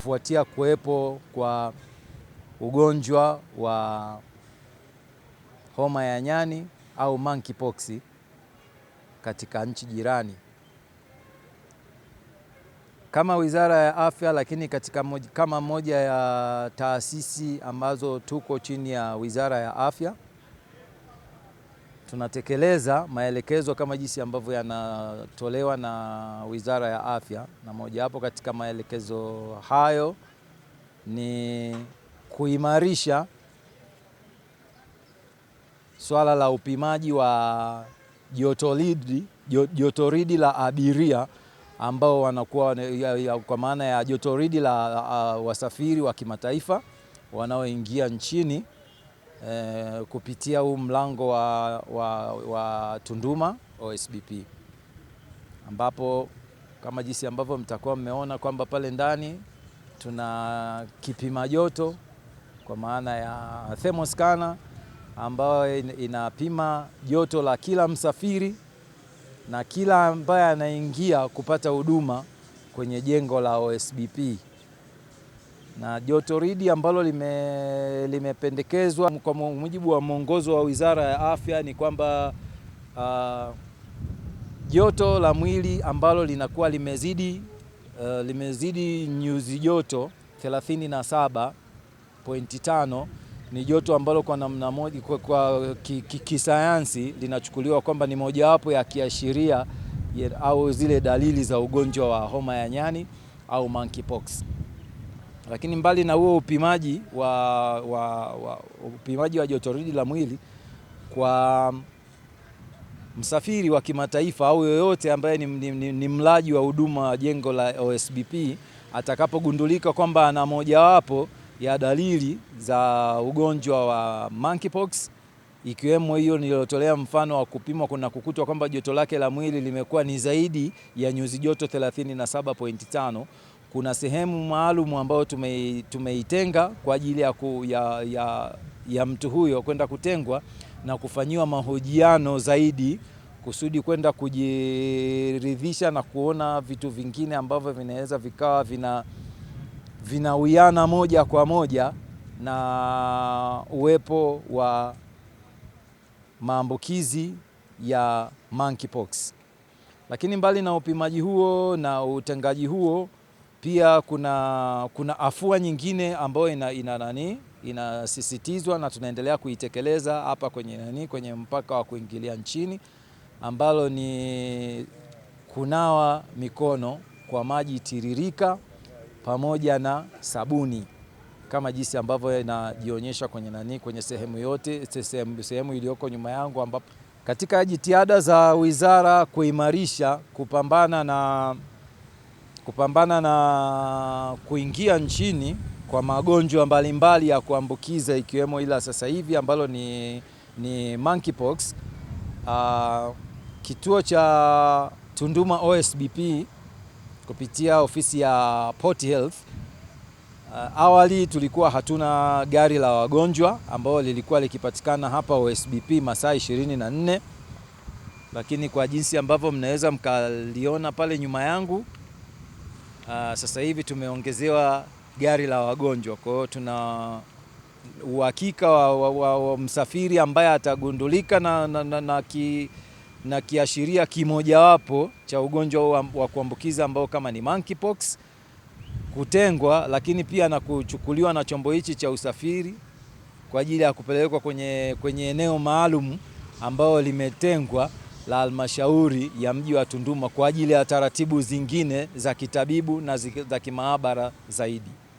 kufuatia kuwepo kwa ugonjwa wa homa ya nyani au monkeypox katika nchi jirani. Kama Wizara ya Afya, lakini katika moja, kama moja ya taasisi ambazo tuko chini ya Wizara ya Afya tunatekeleza maelekezo kama jinsi ambavyo yanatolewa na Wizara ya Afya, na mojawapo katika maelekezo hayo ni kuimarisha swala la upimaji wa jotoridi, jotoridi la abiria ambao wanakuwa kwa maana ya jotoridi la uh, wasafiri wa kimataifa wanaoingia nchini. Eh, kupitia huu mlango wa, wa, wa Tunduma OSBP ambapo kama jinsi ambavyo mtakuwa mmeona kwamba pale ndani tuna kipima joto kwa maana ya themoskana ambayo inapima joto la kila msafiri na kila ambaye anaingia kupata huduma kwenye jengo la OSBP na joto ridi ambalo lime, limependekezwa kwa mujibu wa mwongozo wa Wizara ya Afya ni kwamba uh, joto la mwili ambalo linakuwa limezidi uh, limezidi nyuzi joto 37.5 ni joto ambalo kwa namna moja kwa, kwa kisayansi ki, ki linachukuliwa kwamba ni mojawapo ya kiashiria au zile dalili za ugonjwa wa homa ya nyani au monkeypox. Lakini mbali na huo upimaji wa, wa, wa, upimaji wa jotoridi la mwili kwa msafiri wa kimataifa au yoyote ambaye ni, ni, ni, ni mlaji wa huduma wa jengo la OSBP atakapogundulika kwamba ana mojawapo ya dalili za ugonjwa wa monkeypox ikiwemo hiyo niliyotolea mfano wa kupimwa kuna kukutwa kwamba joto lake la mwili limekuwa ni zaidi ya nyuzi joto 37.5 kuna sehemu maalum ambayo tume, tumeitenga kwa ajili ya, ku, ya, ya, ya mtu huyo kwenda kutengwa na kufanyiwa mahojiano zaidi kusudi kwenda kujiridhisha na kuona vitu vingine ambavyo vinaweza vikawa vina vinawiana moja kwa moja na uwepo wa maambukizi ya monkeypox. Lakini mbali na upimaji huo na utengaji huo pia kuna, kuna afua nyingine ambayo ina, ina nani inasisitizwa na tunaendelea kuitekeleza hapa kwenye nani kwenye mpaka wa kuingilia nchini ambalo ni kunawa mikono kwa maji tiririka pamoja na sabuni kama jinsi ambavyo inajionyesha kwenye nani kwenye sehemu yote sehemu, sehemu iliyoko nyuma yangu ambapo katika jitihada za wizara kuimarisha kupambana na kupambana na kuingia nchini kwa magonjwa mbalimbali ya kuambukiza ikiwemo ila sasa hivi ambalo ni, ni monkeypox. Uh, kituo cha Tunduma OSBP kupitia ofisi ya Port Health uh, awali tulikuwa hatuna gari la wagonjwa ambao lilikuwa likipatikana hapa OSBP masaa 24 lakini kwa jinsi ambavyo mnaweza mkaliona pale nyuma yangu Ah, sasa hivi tumeongezewa gari la wagonjwa, kwa hiyo tuna uhakika wa, wa, wa, wa msafiri ambaye atagundulika na, na, na, na, ki, na kiashiria kimojawapo cha ugonjwa wa, wa kuambukiza ambao kama ni monkeypox kutengwa, lakini pia na kuchukuliwa na chombo hichi cha usafiri kwa ajili ya kupelekwa kwenye, kwenye eneo maalum ambao limetengwa la halmashauri ya mji wa Tunduma kwa ajili ya taratibu zingine za kitabibu na za kimaabara zaidi.